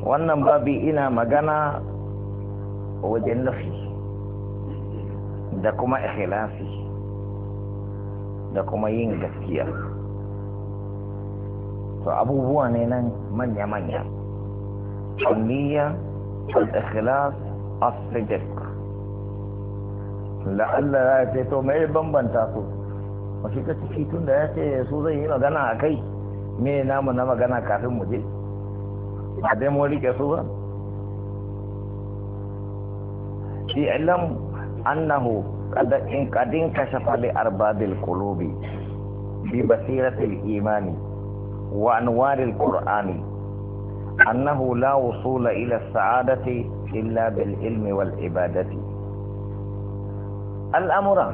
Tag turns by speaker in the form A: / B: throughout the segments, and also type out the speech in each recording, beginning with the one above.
A: wannan babi ina magana wajen nufi da kuma ikhlasi da kuma yin gaskiya to abubuwa ne nan manya-manya niyya al-ikhlas as-sidq Allah ya ce to mai bambanta su wasu ka ciki tun da ya ce su zai yi magana a kai me namu na magana kafin mu je ba dai mu rike su ba i'lam annahu qad in qad inkashafa li arbabil qulubi bi basiratil imani wa anwaril qur'ani annahu la wusula ila saadati illa bil ilmi wal ibadati al'amura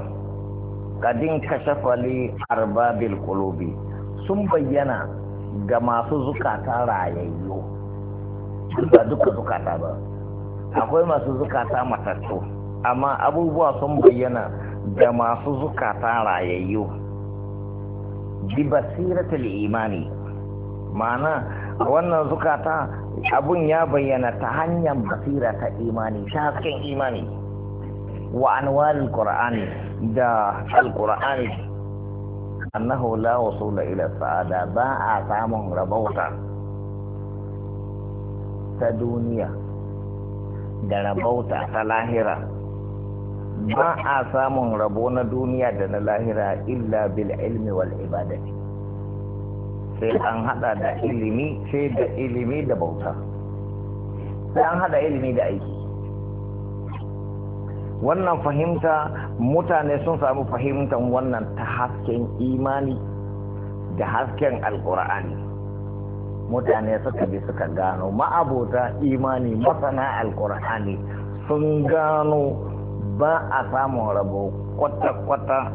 A: qad inkashafa li arbabil qulubi sun bayyana ga masu zukata rayayyu ba duka zukata ba akwai masu zukata matattu amma abubuwa sun bayyana da masu zukata rayayyu bi basiratul imani ma'ana wannan zukata abun ya bayyana ta hanyar basira ta imani ta hasken imani wa anwalin qur'ani da alqur'ani annahu la wasula ila sa'ada ba a samun rabauta ta duniya da rabauta ta lahira ba a samun rabo na duniya da na lahira illa bil ilmi wal ibadati sai an hada da ilimi sai da ilimi da bauta sai an hada ilimi da aiki wannan fahimta mutane sun samu fahimtar wannan ta hasken imani da hasken alkur'ani mutane suka bi suka gano ma'abota imani masana alkur'ani sun gano ba a samun rabo kwata-kwata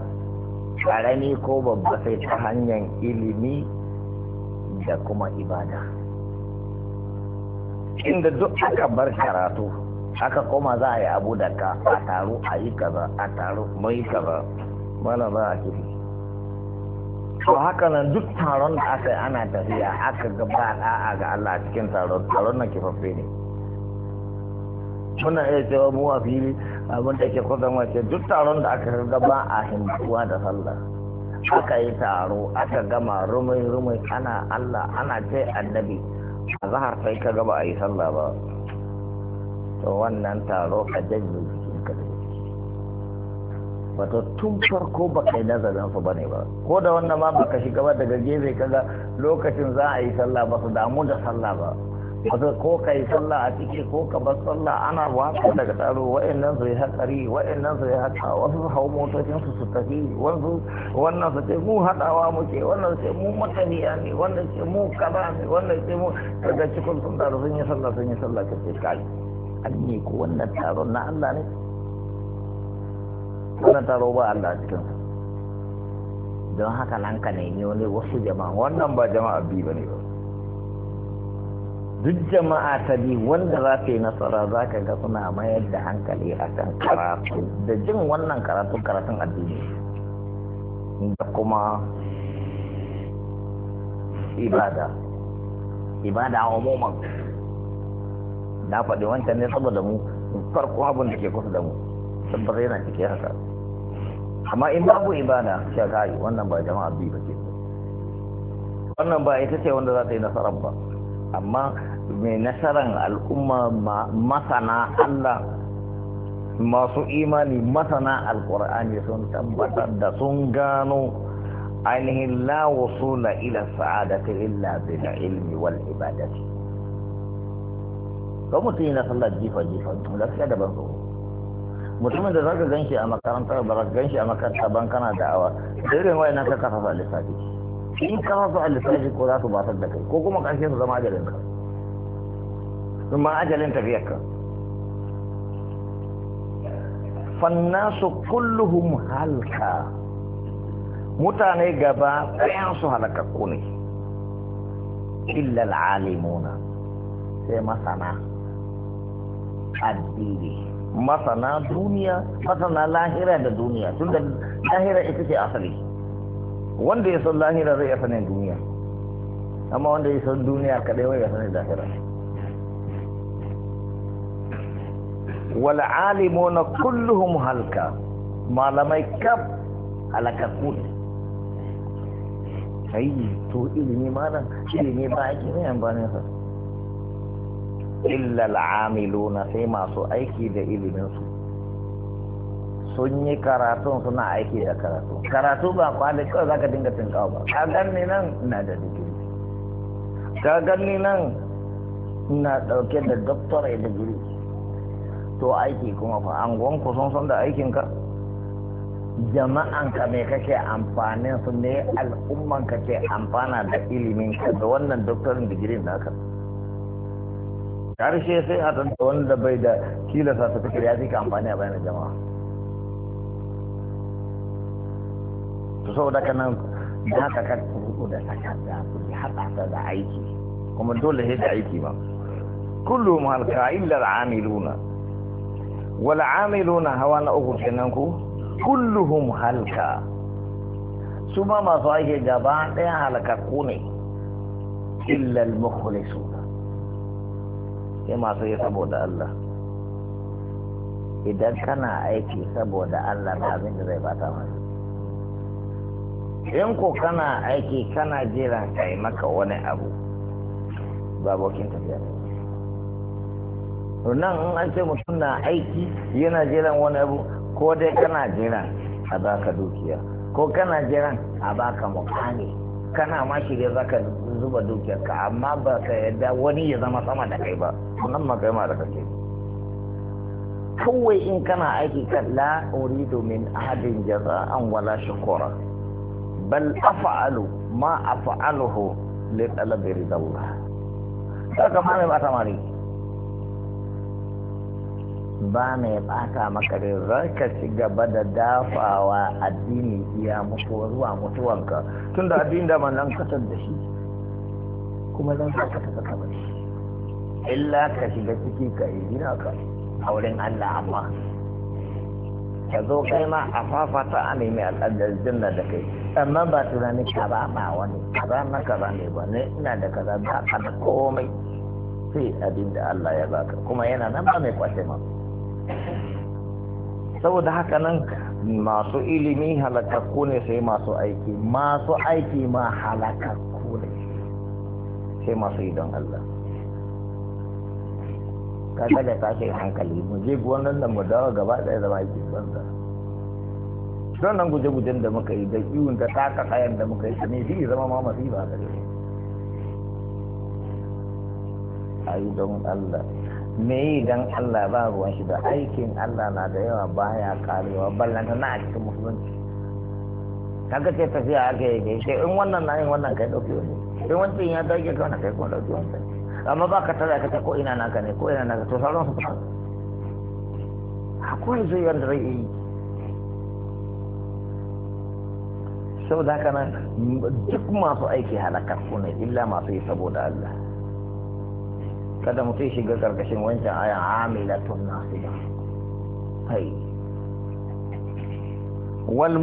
A: ƙarami ko babba sai ta hanyar ilimi da kuma ibada inda duk aka bar karatu aka koma za a yi abu da ka a taru a yi kaza a taru mai kaza mana za a kiri to haka nan duk taron da aka yi ana tafiya aka gaba a'a ga Allah cikin taron taron na kifaffe ne muna iya cewa mu a fili abin da ke kusan wace duk taron da aka gaba a hinduwa da sallah aka yi taro aka gama rumai rumai ana Allah ana ce annabi a zahar sai ka gaba a yi sallah ba to wannan taro a janyi tabbata tun farko ba kai nazarin su bane ba ko da wannan ma baka shiga ba daga gefe kaga lokacin za a yi sallah ba su damu da sallah ba wato ko ka yi sallah a ciki ko ka bar sallah ana watsa daga taro wa'annan su yi hatsari wa'annan su yi haka wasu su hau motocin su su tafi wasu wannan su ce mu haɗawa muke wannan su ce mu mataniya ne wannan ce mu kaza ne wannan ce mu daga cikin sun taro sun yi sallah sun yi sallah ka ce kai an yi ko wannan taron na Allah ne wannan taro ba Allah cikin don haka nan ka nemi wani wasu jama'a wannan ba jama'a bi ba ne ba duk jama'a ta bi wanda za ta yi nasara za ka ga suna mayar da hankali a kan karatu da jin wannan karatu karatun addini da kuma ibada ibada a umuman na faɗi wancan ne saboda mu farko abin da ke kusa da mu tabbata yana cike haka amma in babu ibada sha kai wannan ba jama'a bi ba ce wannan ba ita ce wanda za ta yi nasarar ba amma mai nasarar al'umma masana Allah masu imani masana alkur'ani sun tabbatar da sun gano ainihin la wasula ila sa'adati illa bil ilmi wal ibadati ko mutum yana sallar jifa jifa to gaskiya da ban tsoro mutumin da zaka ganshi a makaranta ba zaka ganshi a makaranta ban kana da'awa da irin na ka kafa a lissafi in ka kafa a lissafi ko za su batar da kai ko kuma ƙarshe su zama ajalin ka sun ma ajalin tafiyar ka fannasu kulluhum halka mutane gaba ɗayan su halakakku ne illa al'alimuna sai masana addini masana duniya masana lahira da duniya tun da lahira ita ce asali wanda ya san lahira zai ya sanin duniya amma wanda ya san duniya kadai wai ya sanin lahira wal na kulluhum halka malamai kaf halakakku ne Ayi to ilimi malam ilimi ba ake ne amfanin sa illa amiluna sai masu aiki da su sun yi karatun suna aiki da karatu karatu ba kwali kawai za ka dinga tinkawa ba ka ganni nan na da digiri ka ganni nan na dauke da doctorate digiri to aiki kuma fa an gwanku sun san da aikinka jama'anka me kake amfanin su ne al'ummanka ke amfana da ka da wannan digiri na naka karshe sai a tanta wanda bai da kilasa ta fikir ya fi amfani a bayan jama'a to saboda ka nan da haka ka kuku da saka da kuɗi haɗa ta da aiki kuma dole sai da aiki ba kullu mahalka illa al'amiluna wal amiluna hawa na uku kenan ku kulluhum halka su ma masu aiki gaba ɗaya halakakku ne illa al-mukhlisun sai masu yi saboda Allah idan kana aiki saboda Allah ba abin da zai bata masa in ko kana aiki kana jiran kai maka wani abu ba bokin tafiya to nan in an ce mutum na aiki yana jiran wani abu ko dai kana jiran a baka dukiya ko kana jiran a baka mukami kana ma shirya za ka zuba dukiyarka amma ba ka yadda wani ya zama sama da kai ba nan ma kai ma da kake kawai in kana aiki kan la uridu min ahadin jaza'an wala shukura bal af'alu ma af'aluhu li talabi ridallah kaga ma ba samari ba mai bata maka rai ka ci gaba da dafawa addini iya mutuwa zuwa mutuwanka tun da addini da nan kasar da shi kuma zan ka kasa saka ba shi illa ka shiga ciki ka yi gina ka a wurin Allah amma ka zo kai ma a fafata a nemi al'adar jinna da kai amma ba tunanin ka ba ma wani ka ba na ka ne ba ne ina da kaza ba ka da komai sai abin da Allah ya baka kuma yana nan ba mai kwace maka saboda haka nan masu ilimi halakakku ne sai masu aiki masu aiki ma halakakku ne sai masu idon Allah Ka daga tashe hankali mu je wannan da mu dawo gaba ɗaya zama aiki banza don nan guje-gujen da muka yi da iwun da taka kayan da muka yi ta ne zai zama ma ba gare a Ayi don Allah me yi don Allah ba ruwan shi da aikin Allah na da yawa ba ya karewa ballanta na a cikin musulunci kaga ce tafiya ake yi sai in wannan na yin wannan kai dauki wani in wancan ya dage ka wannan kai kuma wani wancan amma ba ka tara ka ta ko ina naka ne ko ina naka to sauran su ba akwai zuwa da zai yi saboda haka nan duk masu aiki halakar ne illa masu yi saboda Allah kada mutum shiga karkashin wancan aya amilatun nasiya hai wal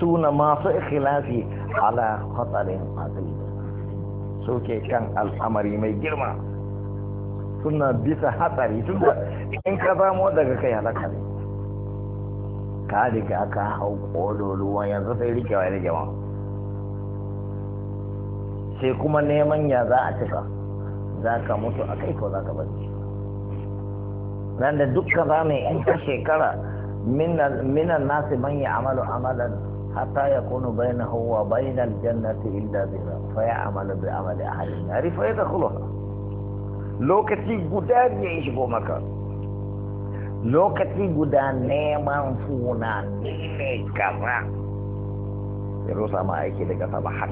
A: suna masu ikhilafi ala khatarin azim ke kan al'amari mai girma suna bisa hatsari da in ka zamo daga kai halaka ne ka riga ka hau kololuwa yanzu sai rikewa ya rike sai kuma neman ya za a cika zaka mutu a kai ko zaka bari ran da dukkan rami in ta shekara minan nasu man ya amalu amalan hatta ya kunu bayna huwa bayna aljannati illa bihi fa ya amalu bi amali ahli nari fa ya dakhuluha lokaci guda ne ya shigo maka lokaci guda neman funa ne kaza ya rusa ma aiki daga sama har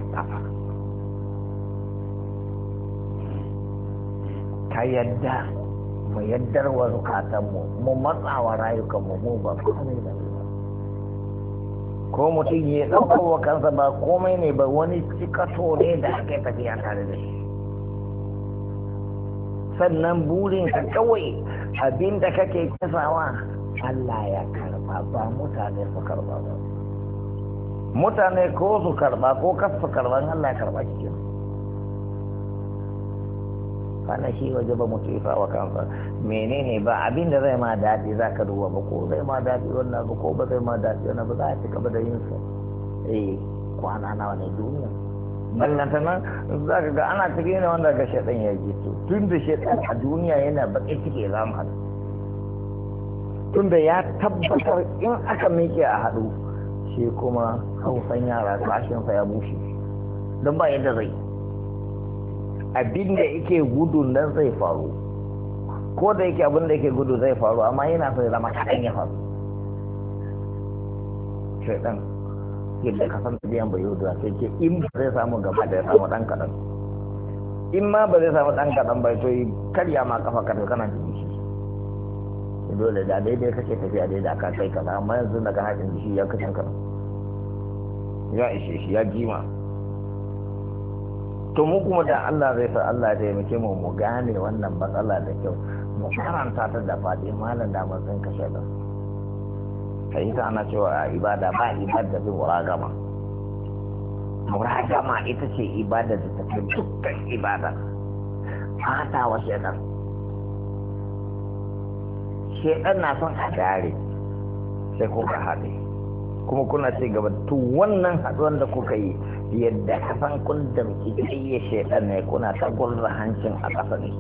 A: ta yadda mu yaddar wa zukatanmu mu matsa wa rayukanmu mu ba komai ba ko mutum ya ɗaukar wa kansa ba komai ne ba wani cikato ne da ake tafiya tare da shi sannan burin ka kawai abinda kake kisawa Allah ya karba ba mutane su karba ba mutane ko su karba ko kasu su Allah ya karba cikin wannan shi waje ba mutu ifa wa kansa menene ba abin da zai ma daɗi za ka duba ba ko zai ma daɗi wannan ba ko ba zai ma daɗi wannan ba za a cika ba da yin su eh kwana nawa ne duniya ta nan za ka ga ana cikin ne wanda ga shaɗan ya ji to tun da shaɗan a duniya yana baƙin ciki za mu tun da ya tabbatar in aka miƙe a haɗu shi kuma hausan yara kashinsa ya bushe don ba yadda zai abin da yake gudu nan zai faru ko da yake abin da yake gudu zai faru amma yana sai zama kaɗan ya faru shaidan yadda ka san biyan bai yau da sai ke in ba zai samu gaba da ya samu ɗan kaɗan in ma ba zai samu ɗan kaɗan bai to karya ma kafa karfe kana jiki shi dole da daidai kake tafiya daidai ka kai kaza amma yanzu daga haɗin shi ya kashe kaɗan ya ishe shi ya jima to mu kuma da Allah zai sa Allah da muke mu mu gane wannan matsala da kyau mu karanta ta da fadi malam da mun ka kashe da sai ita ana cewa ibada ba ibada zai muragama muragama ita ce ibada da ta fi dukkan ibada fata wa shedan shedan na son a dare sai ka haɗe kuma kuna ce gaba to wannan haɗuwan da kuka yi yadda kasan kun muke kayye shaidan ne kuna ta gurra hancin a ƙasa ne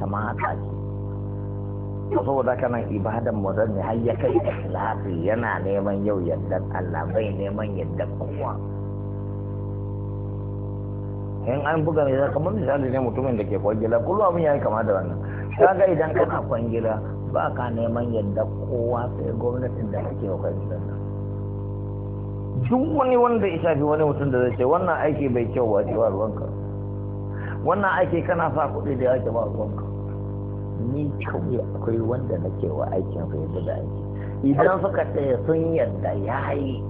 A: kama haka ce to saboda haka nan ibadan mutum ne har ya kai ikhlasi yana neman yau yadda Allah bai neman yadda kowa in an buga mai mun misali ne mutumin da ke kwangila kullum abin ya yi kama da wannan kaga idan kana kwangila ba ka neman yadda kowa sai gwamnatin da kake wa kan duk wani wanda ya shafi wani mutum da zai ce wannan aiki bai kyau ba cewa ruwanka wannan aiki kana sa kuɗi da yake ba ruwanka ni kawai akwai wanda na kewa wa aikin sa yadda da aiki idan suka tsaye sun yadda ya yi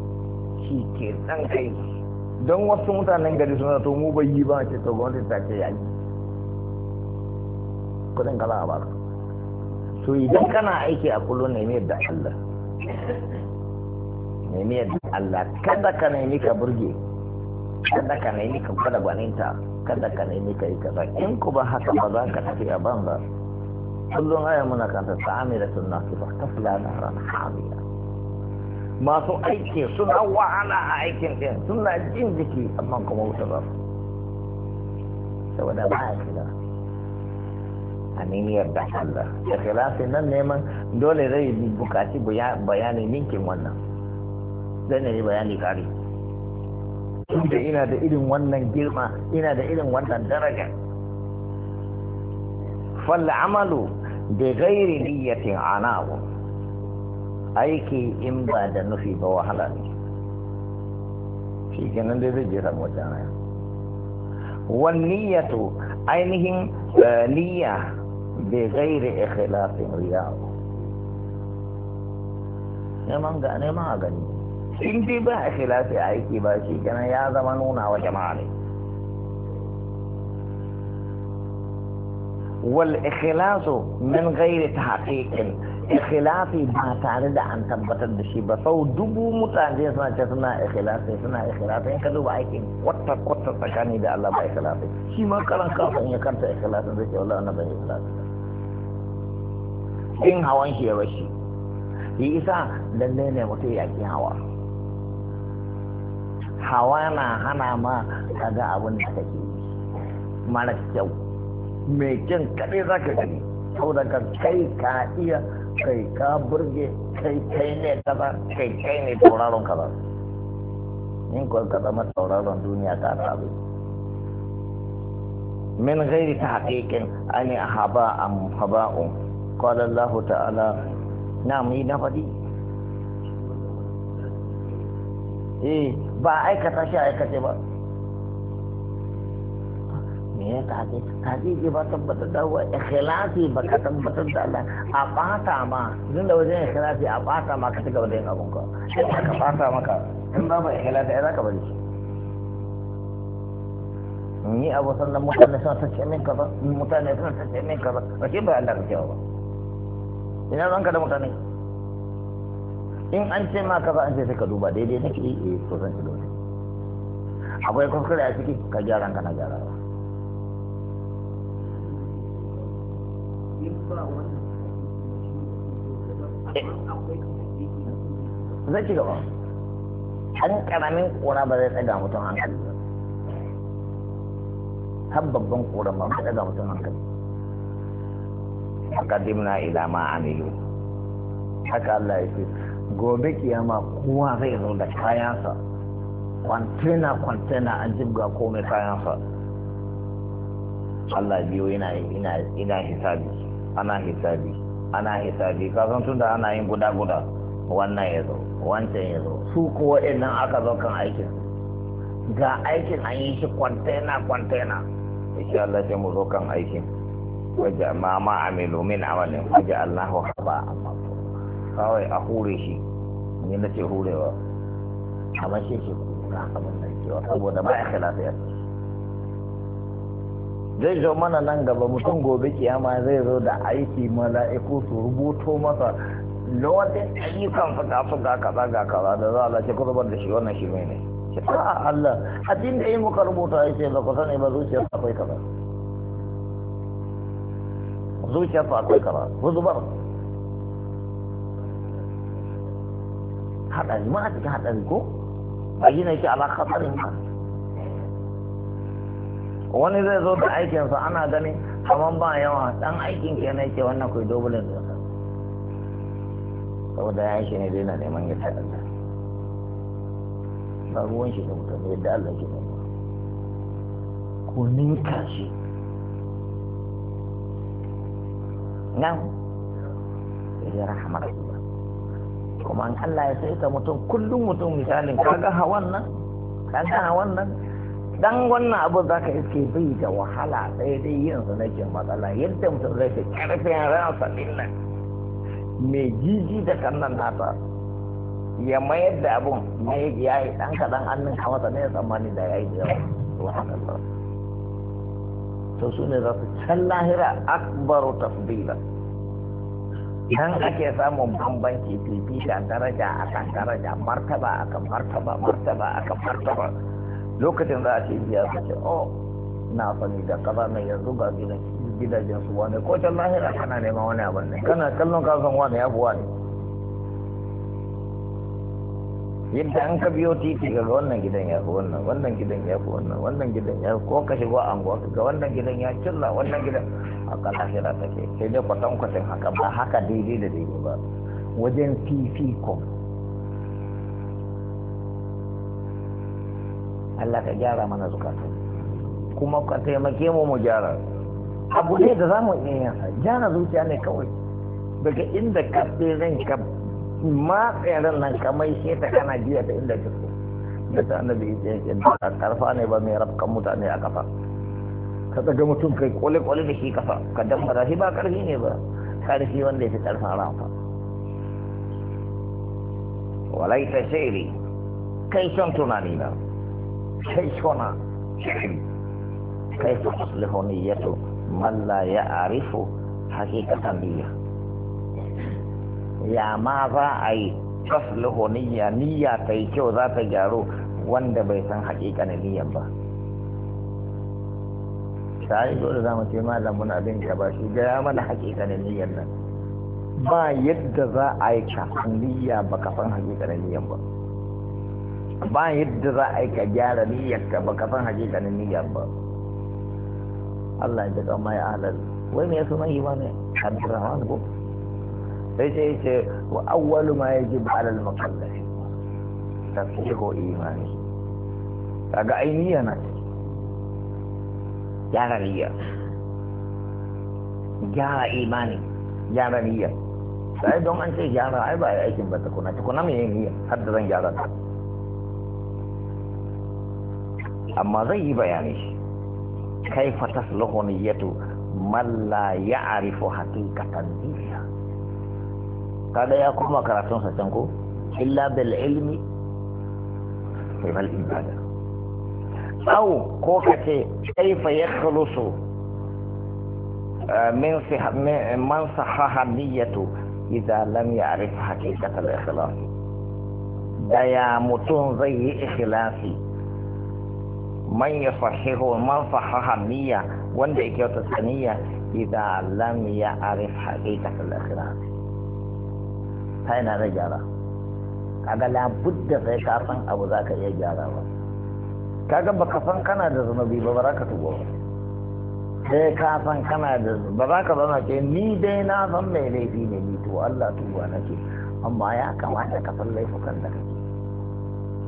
A: shi ke san kai don wasu mutanen gari suna to mu bai yi ba ce to gwamnati ta ce ya yi kuɗin kala a baka to idan kana aiki a kullum nemi yadda Allah nemi yadda Allah kada ka nemi ka burge kada ka nemi ka fada gwaninta kada ka nemi ka yi kaza in ku ba haka ba za ka tafi a banza kullum aya muna kanta ta'amira sun nasu ba ta na ran hamiya masu aiki suna wahala a aikin din suna jin jiki amma kuma wuta ba saboda ba a kila a nemi Da Allah ikhlasin nan neman dole zai bukaci bayani ninkin wannan zai ne bayani kare da ina da irin wannan girma ina da irin wannan daraja fal amalu bi ghairi niyyatin anahu aiki in ba da nufi ba wahala ne shi kenan dai zai jira samu wajen Wani wan niyyatu ainihin eh, niyya بغير اخلاق رياء نمان گا نما گنی سنتی با اخلاص آئی کی باشی کنا یا زمانونا و جمالی والاخلاص من غير تحقيق اخلاص ما تعرض عن تبت الدشي بفو دبو متعجز ما جسنا اخلاص سنا اخلاص ان كدو بايكين وطا قطا تکانی دا اللہ با اخلاص شما کلان کافا ان يکرت اخلاص دشي والله انا با اخلاص دشي cikin hawan shi ya bashi yi isa lalle ne mutum ya ƙi hawa hawa na hana ma kaga abin da kake yi mara kyau mai kyan kaɗai za ka gani saboda ka kai ka iya kai ka burge kai kai ne kaza kai kai ne tauraron kaza in kuwa ka zama tauraron duniya ta rabu min gairi ta haƙiƙin ani haba am haba'un قال الله تعالى نعم ينفدي eh ba با shi aikace ba me ya kaje kaje ke ba tabbatar da wa ikhlasi ba ka tabbatar da Allah a bata ma tun da wajen ikhlasi a bata ma ka cigaba da yin abun ni abu sallan mutane suna ta min kaza mutane ce min kaza ba shi ba Allah ka cewa ba ina ka da mutane in an ce ma ba an ce sai ka duba daidai nake eh to zan shi dole akwai kuskure a ciki ka gyara ka na gyara eh, ba zai ci gaba an karamin kura ba zai tsaga mutum hankali ba har babban kura ba zai tsaga mutum hankali qadimna ila ma amilu haka Allah yake gobe kiyama kowa zai zo da kayansa kwantena kwantena an jibga komai kayansa Allah biyo ina ina ina hisabi ana hisabi ana hisabi san tunda ana yin guda guda wannan ya zo wancan ya zo su kuwa idan aka zo kan aikin ga aikin an yi shi kwantena kwantena insha Allah sai mu zo kan aikin waje ma ma'amilu min amalin waje Allahu haba kawai a hure shi ni na ce hurewa amma shi ku na abin da cewa saboda ma ya lafiya zai zo mana nan gaba mutum gobe kiyama zai zo da aiki mala'iku su rubuto masa lokacin ayyukan fuka-fuka kaza ga kaza da za a lace kurbar da shi wannan shi mai ne. a Allah, abin da yi muka rubuta ya ce ba ku sani ba zuciya akwai kaza. zuciya su akwai kaza huzubar haɗari ma a cikin haɗari ko a yi na yake alaƙa tsarin ka wani zai zo da aikinsa ana ganin kamar ba yawa dan aikin ke na yake wannan kai dobulin da saboda ya shi ne dai na neman ya ɗanda ba ruwan shi ne mutane yadda Allah ke nema ko ninka shi nan ya rahama Allah kuma an Allah ya sai ka mutum kullum mutum misalin kaga hawan nan kaga hawan nan dan wannan abu za ka iske bai da wahala sai dai yanzu nake matsala yadda mutum zai fi karfin ransa din nan mai jiji da kannan nata ya mayar da abun ya yi dan kaɗan an ninka masa ne ya tsammani da ya yi da yawa to su ne za su can lahira akbaru tafdila nan ake samun bambanci fifita daraja a kan daraja martaba a kan martaba martaba a kan martaba lokacin za a ce biya su ce oh na sani da kaza mai yanzu ga gidajen su wani ko can lahira kana neman wani abin ne kana kallon kasan wani ya buwa ne yadda an ka biyo titi ga wannan gidan ya fi wannan wannan gidan ya fi wannan wannan gidan ya fi ko ka shigo anguwa ga wannan gidan ya cilla wannan gidan haka lahira take sai dai kwatankwacin haka ba haka daidai da daidai ba wajen fifikon Allah ka gyara mana zukatu kuma ka taimake mu mu gyara abu ne da za mu iya yin gyara zuciya ne kawai daga inda ka zan ka matsayin nan ka mai ta kana jiya ta inda ka so da ta annabi ya ce karfa ne ba mai rafkan mutane a kafa ka ɗaga mutum kai kwale-kwale da shi kafa ka damfara shi ba karfi ne ba karfi wanda ya fi ƙarfin ranka walai ta shairi kai son tunani na kai sona shairi kai fa ya to malla ya arifu hakikatan niyya ya ma za a yi taslihu ya niyya ta yi kyau za ta gyaro wanda bai san hakikanin niyyan ba ta dole za mu ce malam muna bin ka ba shi gaya mana hakikanin niyyar nan ba yadda za a yi ka niyya ba ka san hakikanin niyyar ba ba yadda za a yi ka gyara niyyar ka ba ka san hakikanin niyyar ba Allah ya ga mai alal wai me yasu mai ba ne Abdurrahman ko sai sai ce wa awwalu ma yajib ala al mukallaf tafsiru imani kaga ainiya na ce gyara niyya gyara imani gyara niyya sai don an ce gyara ai ba aikin ba tukuna tukuna mai yin niyya har da zan gyara ta amma zai yi bayani shi kai fatas lahoniyatu man la ya'rifu haqiqatan niyya kada ya koma karatun sa can ko illa bil ilmi sai bal ibada au ko ka ce kaifa ya khulusu min man sahaha niyyatu idza lam ya'rif haqiqatal ikhlas mutum zai yi ikhlasi man yasahihu man sahaha niyya wanda yake wata saniya idza lam ya'rif haqiqatal ikhlas sai na da gyara kaga labudda abu zaka iya gyarawa kaga baka san kana da zunubi ba ba za ka tuba ba sai ka san kana da ba za ka zama ce ni dai na san mai laifi ne ni to Allah tuba na ce amma ya kamata ka san laifukan da kake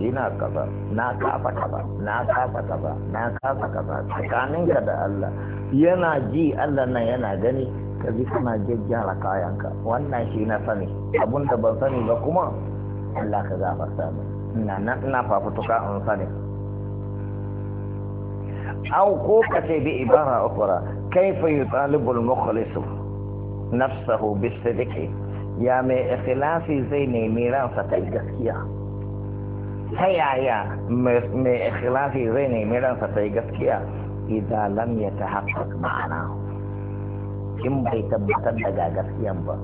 A: ina kaza na kafa kaza na kafa kaza na kafa kaza tsakaninka da Allah yana ji Allah nan yana gani ka ji kana jajjara kayanka wannan shi na sani abun da ban sani ba kuma Allah ka gafarta min ina na fafutuka in sani au ko ka ce bi ibara ukura kaifa yutalibul mukhlisu nafsahu bisidiki ya mai ikhlasi zai nemi ransa ta gaskiya ta yaya mai ikhlasi zai nemi ransa ta gaskiya idan lam ta haƙƙaƙ ma'ana in bai tabbatar daga ga gaskiyan ba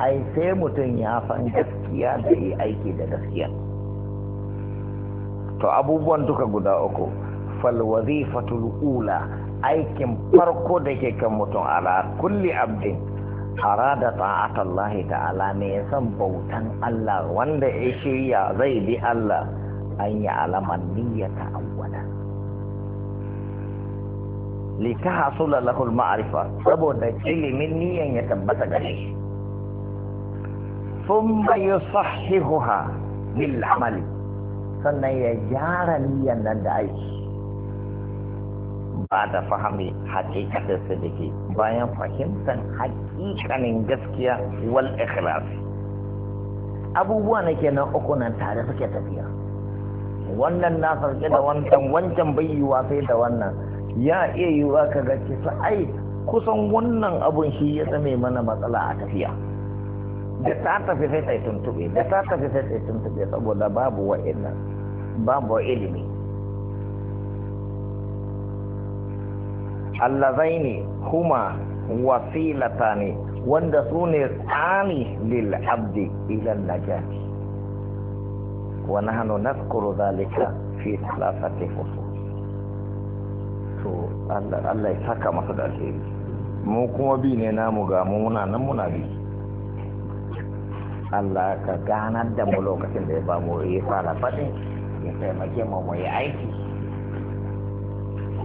A: ai sai mutum ya faɗi gaskiya da yi aiki da gaskiya to abubuwan duka guda uku fal wazifatul ula aikin farko da ke kan mutum ala kulli abdin arada ta'at Allah ta'ala ne ya san bautan Allah wanda ya shirya zai bi Allah an yi alaman niyyata awwala li tahsula lahu al-ma'rifa saboda ilimin niyyan ya tabbata gare shi thumma yusahhihuha bil amali sannan ya gyara niyan nan da aiki ba da fahimi hakikatar ke bayan fahimtar hakikanin gaskiya wal ikhlas abubuwa na nan uku nan tare suke tafiya wannan na sarki da wancan wancan bai yi sai da wannan ya iya yiwa ka ga kisa ai kusan wannan abun shi ya zame mana matsala a tafiya da ta tafi sai tsaye tuntube da ta tafi sai tsaye tuntube saboda babu nan babu ilimi allazaini huma wasilatani wanda su ne tsani lil abdi ila najati wa nahnu nazkuru zalika fi thalathati fusul to Allah ya saka masa da alheri mu kuma bi ne namu ga mu muna nan muna bi Allah ka ganar da mu lokacin da ya ba mu ya fara fadin ya taimake mu mu yi aiki